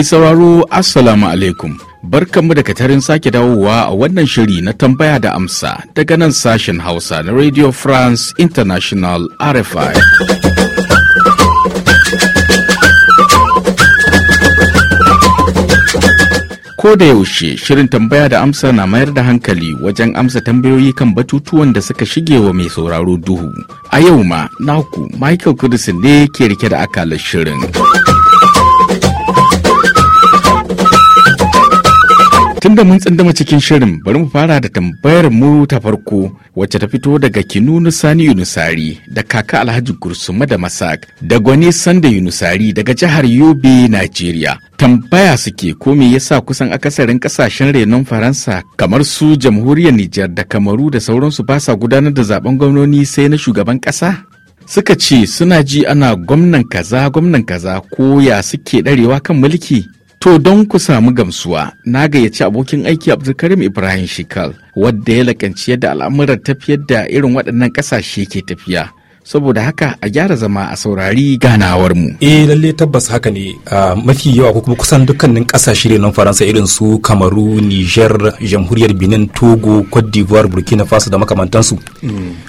Mai sauraro Assalamu alaikum. Barkanmu da katarin sake dawowa a wannan shiri na tambaya da amsa daga nan sashen Hausa na Radio France International RFI. Ko da yaushe shirin tambaya da amsa na mayar da hankali wajen amsa tambayoyi kan batutuwan da suka shige wa mai sauraro duhu. A yau ma, naku Michael Kudusin ne ke rike da akalar shirin. Tun da mun tsandama cikin shirin bari mu fara da tambayar mu ta farko wacce ta fito daga Kinunu Sani Yunusari da kaka Alhaji Gursuma da Masak da Gwani Sanda Yunusari daga jihar Yobe, Najeriya. Tambaya suke ko me yasa kusan akasarin kasashen renon Faransa kamar su jamhuriyar Nijar da Kamaru da sauransu ba sa gudanar da zaben gwamnoni sai na shugaban kasa? Suka ce suna ji ana gwamnan kaza gwamnan kaza ko ya suke ɗarewa kan mulki. To don ku samu gamsuwa, na gayyaci abokin aiki Abdulkarim Ibrahim Shikal, wadda ya lakanci yadda al'amuran tafiyar da irin waɗannan ƙasashe ke tafiya. saboda haka a gyara zama a saurari ganawar mu eh lalle tabbas haka ne mafi yawa ko kuma kusan dukkanin kasashe ne nan faransa irin su kamaru niger jamhuriyar benin togo cote d'ivoire burkina faso da makamantansu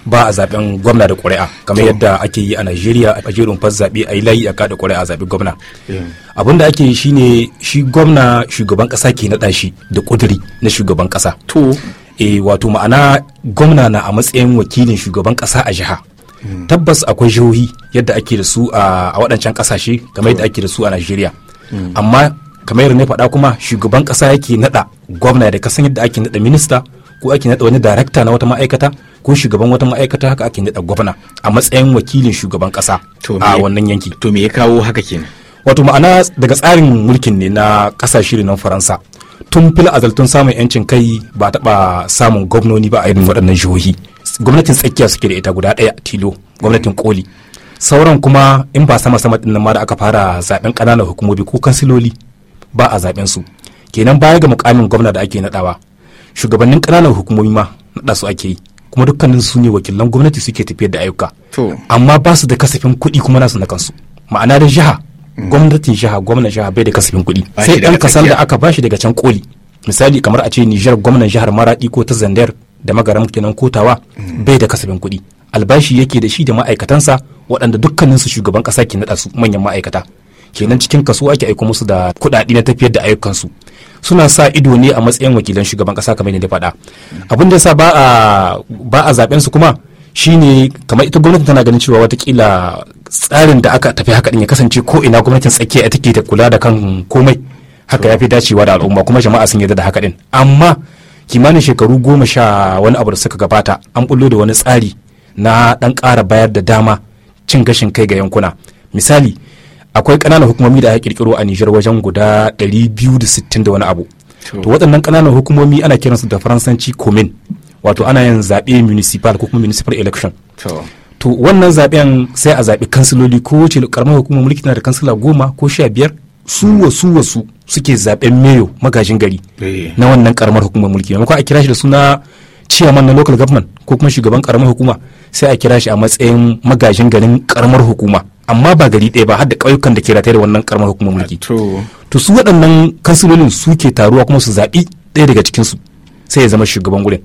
ba a zaben gwamna da ƙuri'a kamar yadda ake yi a nigeria a jerin fas zaɓe a yi layi a kada ƙuri'a zaɓe gwamna eh. abin da ake yi shine shi gwamna shugaban ƙasa ke naɗa shi da ƙudiri na shugaban ƙasa to e wato ma'ana gwamna na a matsayin wakilin shugaban ƙasa a jiha Hmm. tabbas akwai jihohi yadda ake da su a waɗancan ƙasashe kamar yadda ake da su a najeriya hmm. amma kamar yadda na faɗa kuma shugaban ƙasa yake naɗa gwamna da kasan yadda ake naɗa minista ko ake naɗa wani darakta na wata ma'aikata ko shugaban wata ma'aikata haka ake naɗa gwamna a matsayin wakilin shugaban ƙasa a wannan yanki to me ya kawo haka kenan wato ma'ana daga tsarin mulkin ne na ƙasashe nan faransa tun fil azaltun samun yancin kai ba taɓa samun gwamnoni ba a irin waɗannan jihohi gwamnatin tsakiya suke da ita guda ɗaya tilo gwamnatin koli sauran kuma in ba sama sama ɗin ma da aka fara zaben ƙananan hukumomi ko kansiloli ba a zaben su kenan baya ga mukamin gwamna da ake naɗawa shugabannin ƙananan hukumomi ma naɗa su ake yi kuma dukkanin su ne wakilan gwamnati suke tafiyar da ayyuka amma ba su da kasafin kuɗi kuma nasu na kansu ma'ana da jiha mm. gwamnatin jiha gwamnan jiha bai da kasafin kuɗi sai ɗan kasar da aka bashi daga can koli misali kamar a ce nijar gwamnan jihar maradi ko ta zandar da magaran kenan kotawa bai da kasafin kuɗi albashi yake da shi da ma'aikatansa waɗanda dukkaninsu shugaban ƙasa ke naɗa su manyan ma'aikata kenan cikin kaso ake aiko musu da kuɗaɗe na tafiyar da ayyukansu suna sa ido ne a matsayin wakilan shugaban ƙasa kamar yadda faɗa abin da yasa ba a ba zaben su kuma shine kamar ita gwamnati tana ganin cewa watakila tsarin da aka tafi haka din ya kasance ko ina gwamnatin tsakiya ita take ta kula da kan komai haka ya fi dacewa da al'umma kuma jama'a sun yarda da haka din amma kimanin shekaru goma sha wani abu da suka gabata an bullo da wani tsari na dan ƙara bayar da dama cin gashin kai ga yankuna misali akwai ƙananan hukumomi da aka kirkiro a Nijar wajen guda 260 da wani abu to waɗannan ƙananan hukumomi ana kiransu da faransanci komin wato ana yin zaɓe municipal ko kuma municipal election to wannan zaɓen sai a zaɓi kansiloli ko wace karamar hukumar mulki na da kansila goma ko sha biyar su wasu wasu suke zaben meyo magajin gari eh. na wannan karamar hukumar mulki maimakon a kira shi da suna ciyaman na local government ko kuma shugaban karamar hukuma sai a kira shi a matsayin magajin garin karamar hukuma amma ba gari ɗaya ba har da ƙauyukan da ke rataye da wannan karamar hukumar mulki to su waɗannan kansilolin suke taruwa kuma su zaɓi ɗaya daga cikinsu sai ya zama shugaban gurin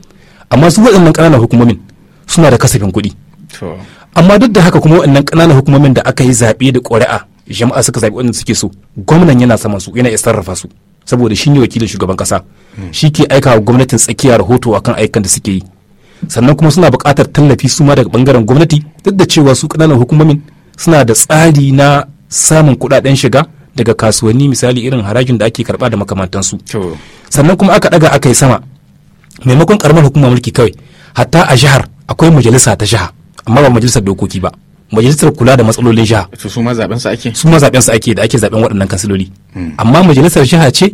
amma su waɗannan ƙananan hukumomin suna da kasafin kuɗi amma duk da haka kuma waɗannan ƙananan hukumomin da aka yi zaɓe da ƙuri'a jama'a suka zaɓi wanda suke so gwamnan yana saman su yana iya sarrafa su saboda shi ne wakilin shugaban kasa hmm. shi ke aika wa gwamnatin tsakiya rahoto akan aikan da suke yi sannan kuma suna buƙatar tallafi su ma daga bangaren gwamnati duk da cewa su ƙananan hukumomin suna da tsari na samun kuɗaɗen shiga daga kasuwanni misali irin harajin da ake karɓa da makamantansu sannan kuma aka ɗaga aka yi sama maimakon ƙaramar hukumar mulki kawai hatta a jihar akwai majalisa ta jiha amma ba majalisar dokoki ba majalisar kula da matsalolin jiha su ma zaben su ake su ma zaben su ake da ake zaben waɗannan kansiloli hmm. amma majalisar jiha ce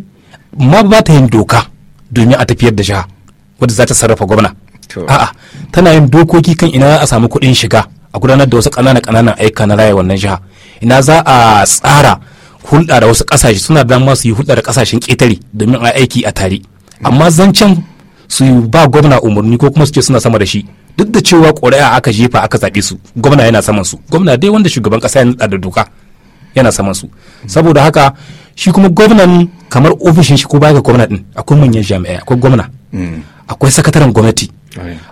ma ba ta yin doka domin a tafiyar da jiha wadda za ta sarrafa gwamna a'a tana yin dokoki kan ina a samu kuɗin shiga a gudanar da wasu ƙananan ƙananan aika na raya wannan jiha ina za a tsara hulɗa da wasu ƙasashe suna da su yi hulɗa da ƙasashen ƙetare domin a aiki a tare amma zancen su ba gwamna umarni ko kuma su ce suna sama da shi duk da cewa ƙuri'a aka jefa aka zaɓe su gwamna yana saman su gwamna dai wanda shugaban ƙasa ya nutsa da doka yana saman su saboda haka shi kuma gwamnan kamar ofishin shi ko baya ga gwamna din akwai manyan jami'ai akwai gwamna mm. akwai sakataren gwamnati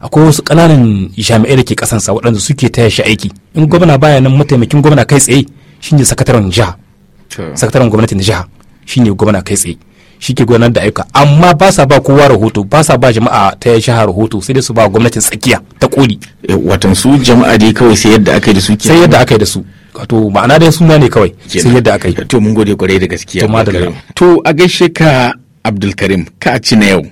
akwai wasu ƙananan jami'ai da ke ƙasansa waɗanda suke taya shi aiki in gwamna baya nan mataimakin gwamna kai tsaye shine sakataren jiha sakataren gwamnatin jiha shine gwamna kai tsaye shi ke gudanar da ayyuka amma ba sa ba kowa rahoto ba sa ba jama'a ta shahar rahoto sai dai su ba gwamnatin tsakiya ta koli eh, watan su jama'a dai kawai sai yadda aka yi da su sai yadda aka yi da su to ma'ana dai suna ne kawai sai yadda aka yi to mun gode kwarai da gaskiya to a gaishe ka abdulkarim ka ci na yau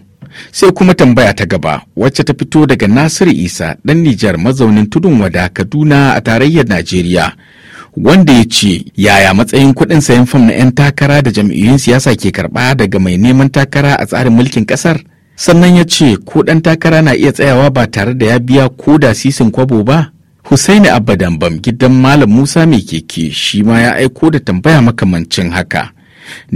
sai kuma tambaya ta gaba wacce ta fito daga nasiru isa dan nijar mazaunin tudun wada kaduna a tarayyar najeriya wanda ya ce yaya matsayin kuɗin sayan fam na 'yan takara da jam'iyyun siyasa ke karɓa daga mai neman takara a tsarin mulkin ƙasar sannan ya ce ko ɗan takara na iya tsayawa ba tare da ya biya ko da sisin kwabo ba Husaini Abadan Bam gidan Malam Musa mai keke shi ma ya aiko da tambaya makamancin haka.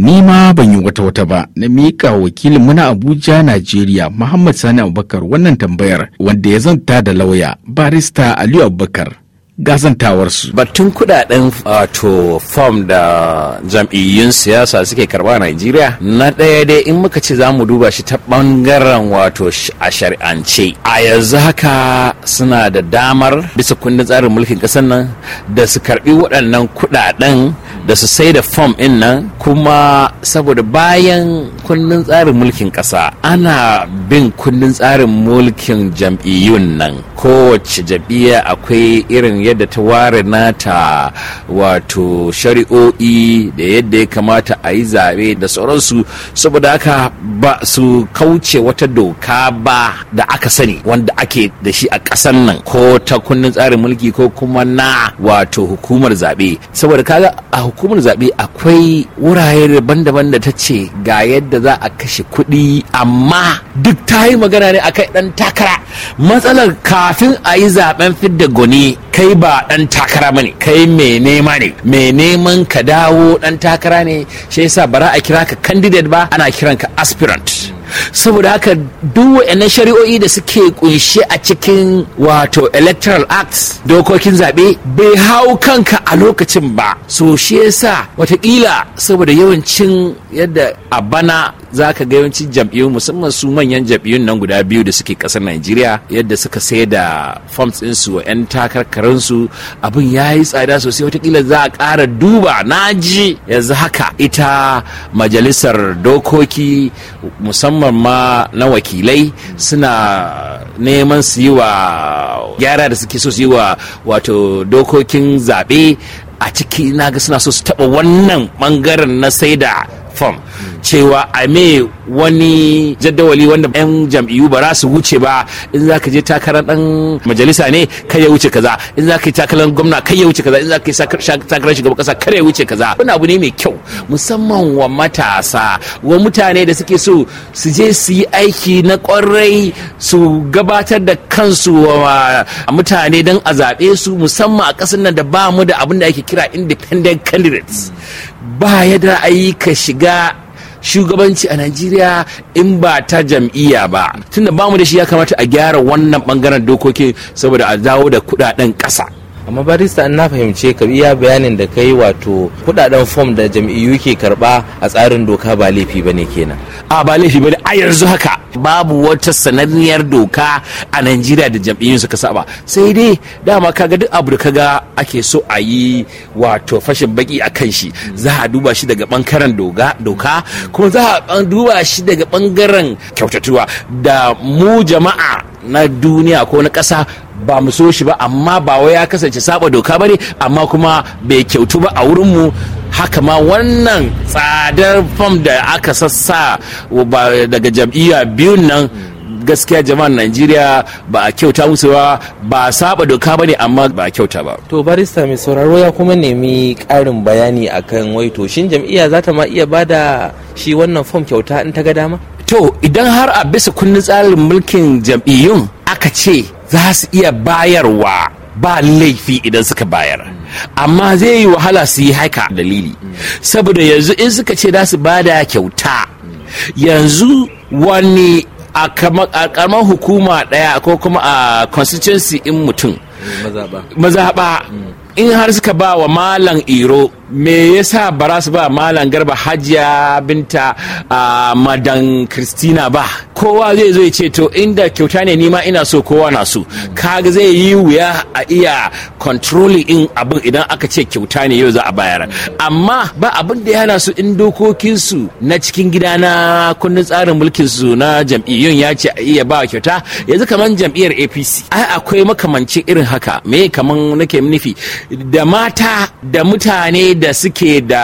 Ni ma ban yi wata wata ba na miƙa wakilin muna Abuja Najeriya Muhammad Sani Abubakar wannan tambayar wanda ya zanta da lauya barista Aliyu Abubakar. gazantawarsu. Batun kudaden wato fom da jam'iyyun siyasa suke karba a Najeriya na ɗaya dai in muka ce za mu duba shi ta ɓangaren wato a shari'ance. A yanzu haka suna da damar bisa kundin tsarin mulkin ƙasar nan da su karbi waɗannan kudaden da su sai da fom ɗin nan kuma saboda bayan kundin tsarin mulkin ƙasa ana bin kundin tsarin mulkin jam'iyyun nan kowace jam'iyya akwai irin yadda ta ware nata wato shari'o'i da yadda ya kamata a yi zaɓe da sauransu saboda haka ba su kauce wata doka ba da aka sani wanda ake da shi a ƙasar nan ko ta kundin tsarin mulki ko kuma na wato hukumar zaɓe saboda kaga a hukumar zaɓe akwai wurare daban-daban da ta ce ga yadda za a kashe kuɗi amma duk ta yi magana ne a kai ɗan takara matsalar kafin a yi zaɓen fidda gwani kai kai ba dan takara bane kai mai nema ne mai neman ka dawo dan takara ne shi yasa bara a kira ka candidate ba ana kiranka ka aspirant saboda haka duk wa'annan shari'o'i da suke kunshi a cikin wato electoral acts dokokin zaɓe bai hau kanka a lokacin ba so shi yasa watakila saboda yawancin yadda a bana za ka ga yawancin jam'iyyu musamman su manyan jam'iyyun nan guda biyu da suke ƙasar najeriya yadda suka sayar da forms ɗinsu wa 'yan su abin ya yi tsada sosai watakila za a ƙara duba naji yanzu haka ita majalisar dokoki musamman musamman ma na wakilai suna neman su yi wa gyara da suke so su yi wa wato dokokin zaɓe a ciki na ga suna so su taɓa wannan ɓangaren na sai da cewa a me wani jadawali wanda 'yan jam'iyyu ba za su wuce ba in za ka je takarar dan majalisa ne kai ya wuce kaza in za ka yi takarar gwamna kai ya wuce kaza in za ka yi takarar shugaban kasa kar ya wuce kaza wani abu ne mai kyau musamman wa matasa wa mutane da suke so su je su yi aiki na kwarai su gabatar da kansu wa mutane don a zaɓe su musamman a ƙasar nan da ba mu da abin da ake kira independent candidates ba ya da ayi ka shiga shugabanci a najeriya in ba ta jam'iyya ba tunda bamu da shi ya kamata a gyara wannan bangaren dokokin saboda a dawo da kudaden ƙasa amma barista an na fahimce ka iya bayanin da kai wato kudaden fom da jam'iyyu ke karba a tsarin doka ba laifi ba ne kenan a ba laifi ba ne a yanzu haka babu wata sananniyar doka a najeriya da jam'iyyun suka saba sai dai dama kaga duk abu da kaga ake so a yi wato fashin baki a kan shi za a duba shi daga bangaren doka kuma za a duba shi daga bangaren kyautatuwa da mu jama'a na duniya ko na ƙasa ba mu so shi ba amma ba wai ya kasance saba doka bane amma kuma bai kyautu ba a wurinmu haka ma wannan tsadar fam da aka sassa daga jam'iyya biyun nan gaskiya jama'an najeriya ba a kyauta musu ba ba saba doka ba amma ba a kyauta ba to barista mai sauraro ya kuma nemi karin bayani akan waito shin jam'iyya za ta ma iya bada shi wannan fom kyauta in ta ga dama to idan har a bisa kundin tsarin mulkin jam'iyyun aka ce za su iya bayarwa ba laifi idan suka bayar amma zai yi wahala su yi haka dalili saboda yanzu in suka ce za su bada kyauta yanzu wani a karamar hukuma daya ko kuma a constituency in mutum mazaɓa in har suka ba wa malam iro me yasa ba su ba malam garba hajiya binta a madan kristina ba kowa zai zo ya ce to inda kyauta ne nima ina so kowa na so kaga zai yi wuya a iya controlling in abin idan aka ce kyauta ne yau za a bayar amma ba abin da yana su in dokokinsu na cikin gida na kundin tsarin mulkin su na jam'iyyun ya ce a iya ba kyauta yanzu kamar jam'iyyar apc ai akwai makamancin irin haka me kaman nake nufi da mata da mutane da suke da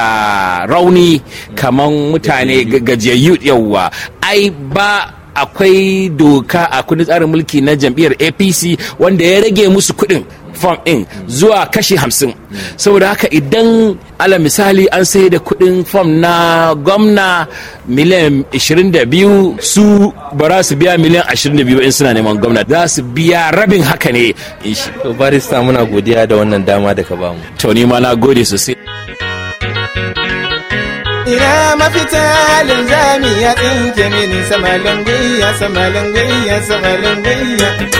rauni kamar mutane gajiyayyu yauwa ai ba akwai doka a kundin tsarin mulki na jam'iyyar apc wanda ya rage musu kuɗin fam ɗin zuwa kashi hamsin saboda haka idan ala misali an sai da kudin fam na gwamna miliyan 22 su ba za su biya miliyan 22 in suna neman gwamna za su biya rabin haka ne to barista muna godiya da wannan dama da ka bamu to ni ma na gode sosai ina mafita linzami ya tsinke mini sama langwai ya sama langwai ya sama langwai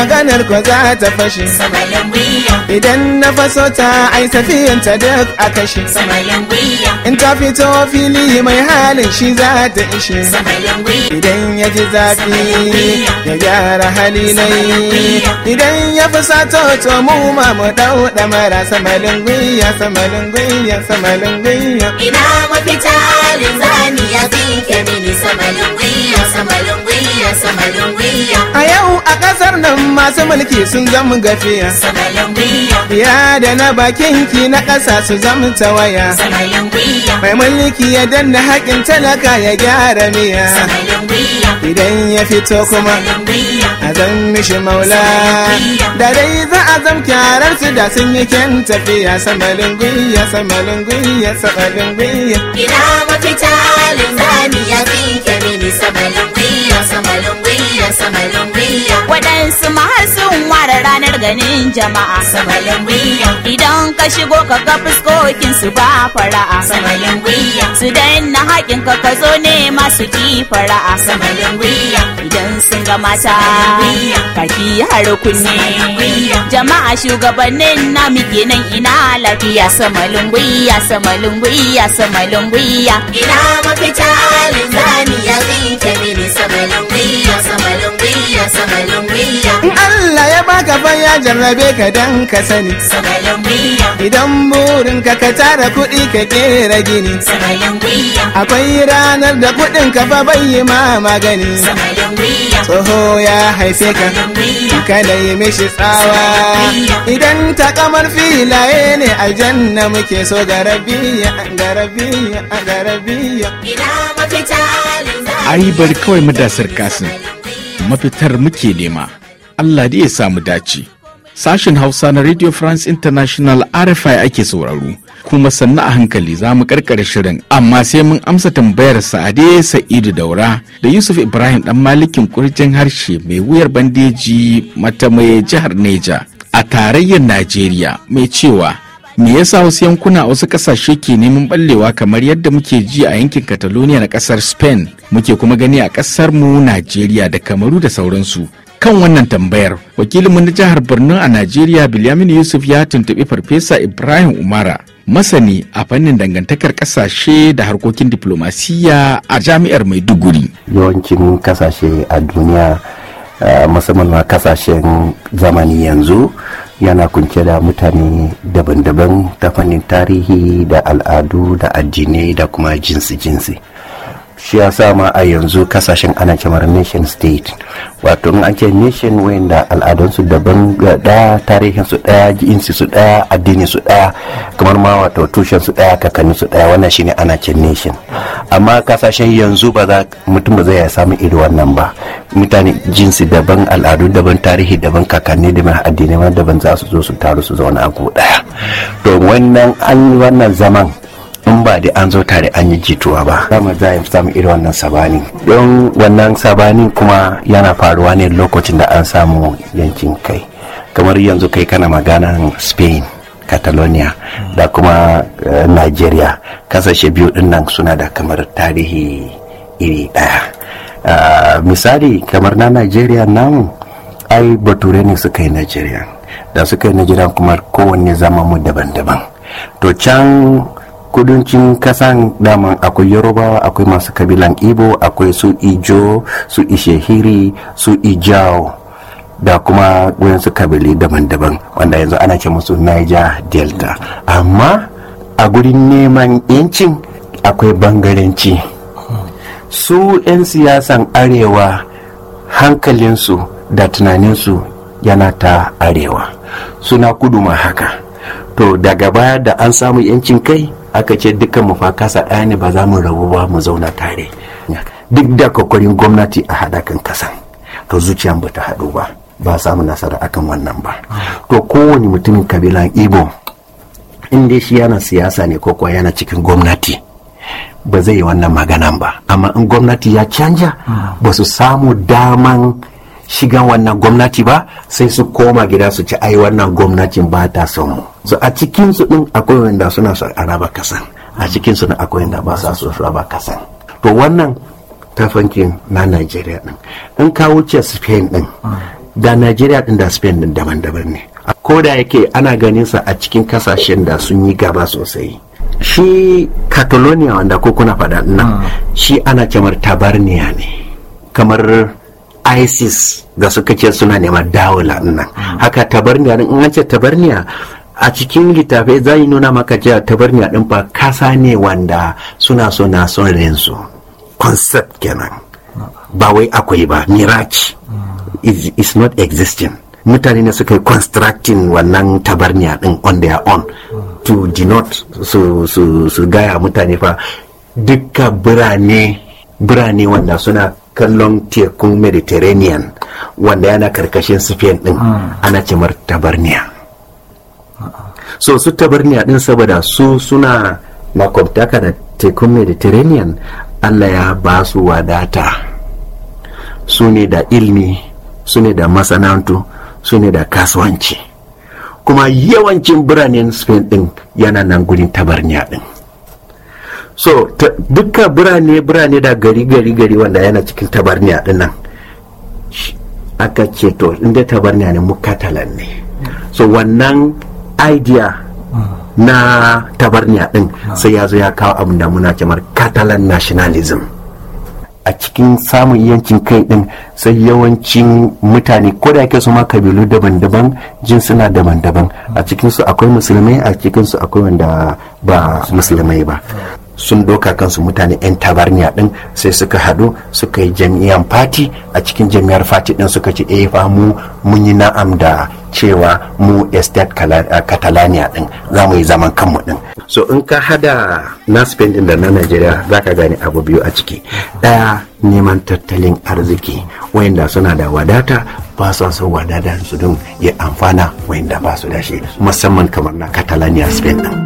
maganar ko za ta fashe idan na faso ta ai safiyan ta duk a kashe in ta fito fili mai halin shi za ta ishe idan ya ji zafi ya gyara hali na idan ya fi sato to mu ma mu dau mara samalin gwiya samalin gwiya samalin gwiya ina mafita linzani ya bi kemini mini samalin gwiya samalin gwiya A yau a ƙasar nan masu mulki sun zama gafiya. Ya da na bakin ki na ƙasa su zama tawaya. Mai mulki ya danna haƙin talaka ya gyara miya. Idan ya fito kuma a zan mishi maula. Da dai za a zam kyarar su da sun yi kyan tafiya. Samalin gwiya, samalin gwiya, samalin gwiya. Ina mafita linzami ya fi sama lunguya sama lunguya waɗansu ma sun ware ranar ganin jama'a sama lunguya idan ka shigo ka ga fuskokin su ba fara'a sama lunguya su danna haƙin ka ka zo ne masu ki fara'a sama idan sun ga mata Ka fi har kunne jama'a shugabannin na muke nan ina lafiya sama lunguya sama lunguya sama lunguya ina mafita linzami ya zinke In Allah ya baka fa ya jarrabe ka dan ka sani. Idan burin ka ka tara kuɗi ka kera gini. Akwai ranar da kuɗin ka fa bai yi ma magani. Tsoho ya haife ka, ka da yi mishi tsawa. Idan ta kamar filaye ne aljanna muke so garabiya, garabiya, garabiya. ai bari kawai madasar kasin mafitar muke nema Allah da ya samu dace sashen hausa na radio france international rfi ake sauraro kuma sannu a hankali za mu karkare shirin amma sai mun amsa tambayar sa'ade sa'idu daura da yusuf ibrahim dan malikin kurjin harshe mai wuyar bandeji mata mai jihar neja a tarayyar najeriya mai cewa me yasa wasu yankuna wasu kasashe ke neman ballewa kamar yadda muke ji a yankin catalonia na kasar spain muke kuma gani a kasar mu nigeria da kamaru da sauransu kan wannan tambayar wakilinmu na jihar borno a nigeria bilyamin yusuf ya tuntuɓi farfesa ibrahim umara masani a fannin dangantakar kasashe da harkokin diplomasiya a jami'ar maiduguri yawancin kasashe a duniya eh, musamman ma kasashen zamani yanzu yana kunce da mutane daban-daban ta fannin tarihi da al'adu da addinai da kuma jinsi-jinsi shi ya sa ma a yanzu kasashen ana kamar nation state wato in ake nation da al'adunsu daban daya tarihin su daya jinsi su daya addini su daya kamar ma wato tushen su daya kakanni su daya wannan shine ana ce nation amma kasashen yanzu ba za mutum ba zai samu iri wannan ba mutane jinsi daban al'adu daban tarihi daban kakanni daban addinai daban za su zo su taru su zauna a daya to wannan an wannan zaman in ba da an zo tare an yi jituwa ba za mu za samu irin wannan sabani don wannan sabanin kuma yana faruwa ne lokacin da an samu yankin kai kamar yanzu kai kana maganan spain catalonia da kuma eh, nigeria kasashe biyu din nan suna da kamar tarihi iri daya ah, misali kamar na nigeria namu ai bature ne suka yi nigeria da suka yi nigeria kuma kowanne zama mu daban-daban to can kudancin kasan dama akwai yorubawa akwai masu kabilan ibo akwai su ijo su ishehiri su ijao da kuma su kabili daban-daban wanda yanzu ana ce musu niger delta amma a gurin neman yancin akwai bangaranci su 'yan siyasan arewa hankalinsu da tunaninsu yana ta arewa suna kudu ma haka to daga baya da an samu yancin kai aka ce dukkan mu fa kasa ɗaya ne ba za mu rabu ba mu zauna tare duk da kokarin gwamnati a haɗa kan kasan to zuciya ba ta haɗu ba ba samu nasara akan wannan ba to kowane mutumin kabilan igbo in dai shi yana siyasa ne ko na yana cikin gwamnati ba zai yi wannan maganan ba amma in gwamnati ya canja ba su samu daman shigan wannan gwamnati ba sai su koma gida su ci ai wannan gwamnatin ba ta son mu a cikin su din akwai wanda suna son a raba kasan a cikin su akwai wanda ba sa su raba kasan to wannan tafankin na Najeriya din in ka wuce Spain din da Najeriya din da Spain din daban-daban ne ko da yake ana ganin sa a cikin kasashen da sun yi gaba sosai shi catalonia wanda ko kuna faɗa nan hmm. shi ana cewa tabarniya ne kamar isis ga suka ce suna neman dawula nan hmm. haka tabarniya in an ce tabarniya a cikin littafai za yi nuna maka cewa tabarniya din fa kasa ne wanda suna so na son rensu concept kenan ba wai akwai ba mirage hmm. is, is not existing mutane ne suka yi constructing wannan tabarniya din on their own hmm. to denote su, su, su gaya mutane fa duka birane birane wanda suna kallon tekun mediterranean wanda yana karkashin spain din ah. ana cimar tabarniya ah. so su tabarniya din saboda su suna makwabtaka da tekun mediterranean allah ya ba su wadata su ne da ilmi su ne da masana'antu su ne da kasuwanci kuma yawancin biranen spain din yana nan gurin tabarniya din so duka birane birane da gari gari gari wanda yana cikin tabarniya dinnan aka ce to inda tabarniya ne mukatalan ne so wannan idea hmm. na tabarniya din hmm. sai ya zo ya kawo abin da muna kamar katalan nationalism a cikin samun yancin kai din sai yawancin mutane ko da yake su ma kabilu daban-daban jinsuna daban-daban a cikinsu akwai musulmai a cikinsu akwai wanda ba musulmai ba hmm. sun doka kansu mutane 'yan tabarniya din sai suka hadu suka yi jami'an fati a cikin jami'ar fati din suka ce eh fa mu mun yi na'am da cewa mu estate catalania din za mu yi zaman kanmu din so in ka hada na spain din da na nigeria za ka gane abu biyu a ciki daya neman tattalin arziki wayanda suna da wadata ba su so wadatar su din ya amfana wayanda ba su da shi musamman kamar na catalania spain din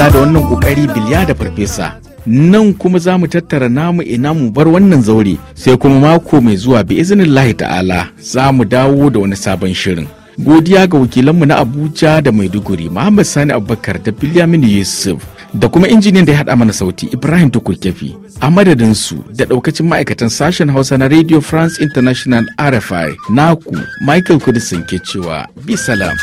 kula da wannan kokari biliya da farfesa nan kuma za mu tattara namu ina mu bar wannan zaure sai kuma mako mai zuwa bi izinin lahi ta'ala za mu dawo da wani sabon shirin godiya ga wakilanmu na abuja da maiduguri muhammad sani abubakar da bilyamin yusuf da kuma injiniyan da ya haɗa mana sauti ibrahim tukurkefi a madadin da ɗaukacin ma'aikatan sashen hausa na radio france international rfi naku michael kudisin ke cewa bi salam